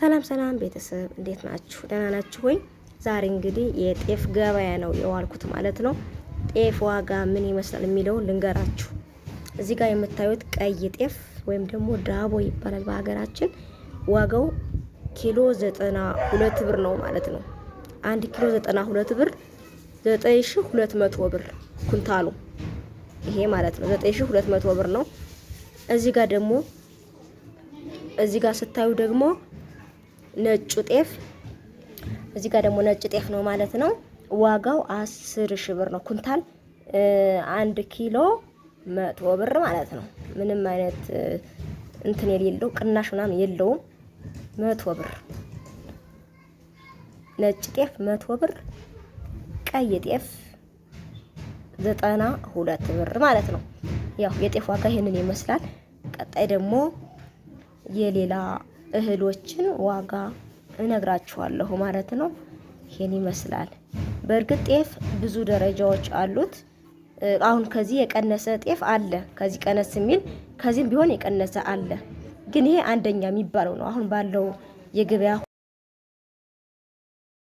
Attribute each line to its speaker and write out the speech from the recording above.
Speaker 1: ሰላም ሰላም ቤተሰብ እንዴት ናችሁ? ደህና ናችሁ ወይ? ዛሬ እንግዲህ የጤፍ ገበያ ነው የዋልኩት ማለት ነው። ጤፍ ዋጋ ምን ይመስላል የሚለው ልንገራችሁ። እዚህ ጋር የምታዩት ቀይ ጤፍ ወይም ደግሞ ዳቦ ይባላል በሀገራችን። ዋጋው ኪሎ ዘጠና ሁለት ብር ነው ማለት ነው። አንድ ኪሎ ዘጠና ሁለት ብር ዘጠኝ ሺ ሁለት መቶ ብር ኩንታሉ ይሄ ማለት ነው። ዘጠኝ ሺ ሁለት መቶ ብር ነው። እዚህ ጋር ደግሞ እዚህ ጋር ስታዩ ደግሞ ነጩ ጤፍ እዚህ ጋር ደግሞ ነጭ ጤፍ ነው ማለት ነው። ዋጋው አስር ሺህ ብር ነው። ኩንታል አንድ ኪሎ መቶ ብር ማለት ነው። ምንም አይነት እንትን የሌለው ቅናሽ ምናምን የለውም። መቶ ብር ነጭ ጤፍ መቶ ብር፣ ቀይ ጤፍ ዘጠና ሁለት ብር ማለት ነው። ያው የጤፍ ዋጋ ይሄንን ይመስላል። ቀጣይ ደግሞ የሌላ እህሎችን ዋጋ እነግራችኋለሁ ማለት ነው። ይሄን ይመስላል። በእርግጥ ጤፍ ብዙ ደረጃዎች አሉት። አሁን ከዚህ የቀነሰ ጤፍ አለ፣ ከዚህ ቀነስ የሚል ከዚህም ቢሆን የቀነሰ አለ። ግን ይሄ አንደኛ የሚባለው ነው አሁን ባለው የገበያ